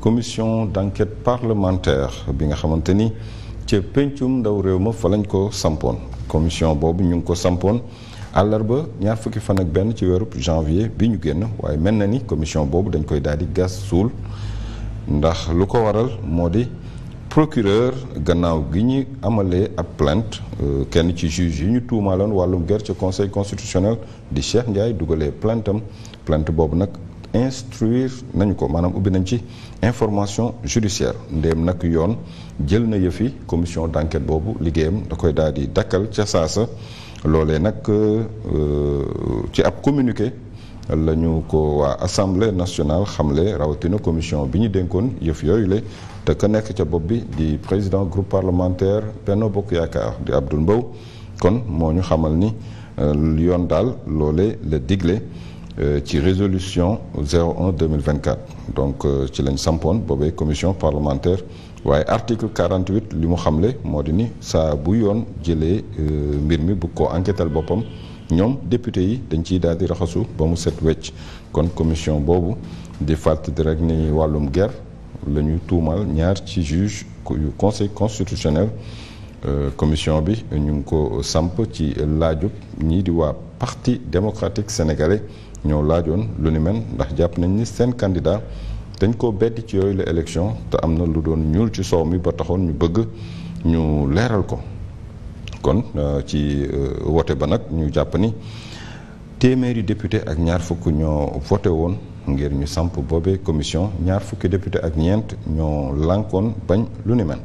commission d'enquête parlementaire bi nga xamante ni ca pencum ndaw réew ma fa lañ ko sampoon commission boobu ñu ngi ko sampoon àllarba ñaar fukki fan ak benn ci weeru janvier bi ñu génn waaye mel na ni commission boobu dañ koy daal di gas suul ndax lu ko waral moo di procureur gannaaw gi ñu amalee ab plainte euh, kenn ci juge yi ñu tuumaaloon wàllum ger ca conseil constitutionnel di Cheikh Ndiaye dugalee plainte am plainte boobu nag instruire nañu ko maanaam ubbi nañ ci information judiciaire ndéem nag yoon jël na yëfi commission d'enquête boobu liggéeyam da koy daal di dakkal ca saasa loole nag euh, euh, ci ab communiqué la ñu ko waa assemblée nationale xamle rawatina commission bi ñu dénkoon yëf yooyu le te ko nekk ca bopp bi di président groupe parlementaire Benno Bokk Yaakaar di Abdoul Mbow kon moo ñu xamal ni euh, yoon daal loole la digle Euh, ci résolution 01 2024 donc euh, ci lañ sampoon boobee commission parlementaire waaye article 48 li mu xamle moo di ni saa bu yoon jëlee euh, mbir mi bu ko enquêtal boppam ñoom député yi dañ ciy daal di raxasu ba mu set wecc kon commission boobu di fàttali rek ni wàllum guerre la ñu tuumal ñaar ci juge yu conseil constitutionnel Euh, commission bi ñu ngi ko samp ci laajub ñii di waa parti démocratique sénégalais ñoo laajoon lu ni mel ndax jàpp nañ ni seen candidat dañ koo bedd ci yooyu la élection te am na lu doon ñuul ci soow mi ba taxoon ñu bëgg ñu leeral ko kon euh, ci euh, wote ba nag ñu jàpp ni téeméeri député ak ñaar fukk ñoo voté woon ngir ñu samp boobe commission ñaar fukki député ak ñeent ñoo lànkoon bañ lu ni mel